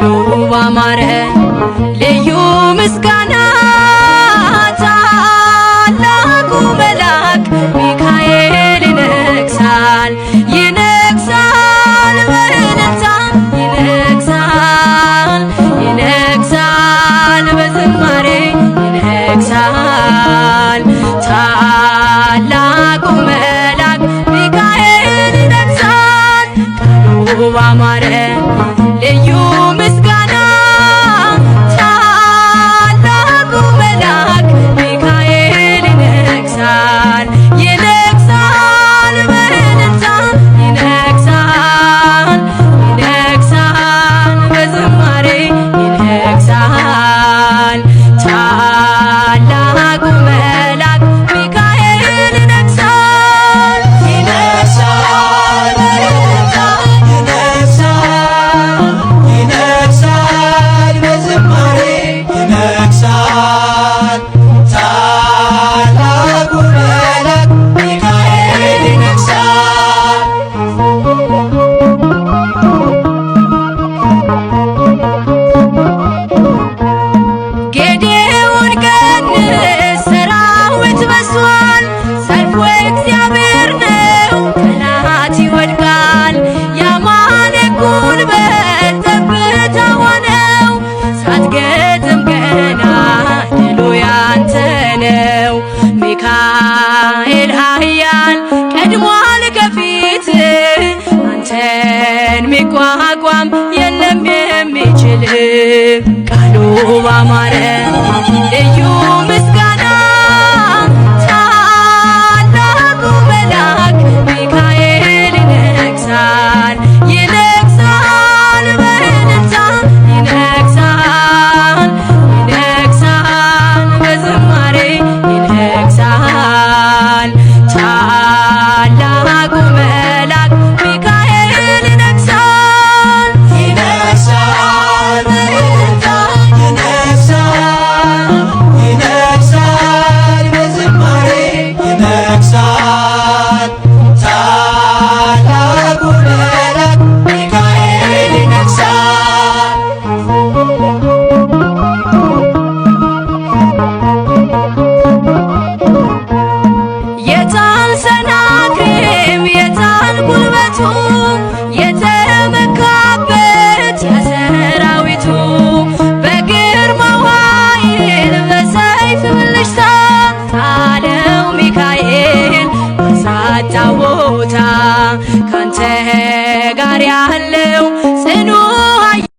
ኑሮ ባማረ ልዩ ምስጋ ውብ አማረ ልዩ ምስጋና ነው ሚካኤል ኃያል ቀድሟል ከፊት አንተን ሚቋቋም የለም የሚችል ቃሉ ባማረ በደስታ ካንተ ጋር ያለው ጽኑ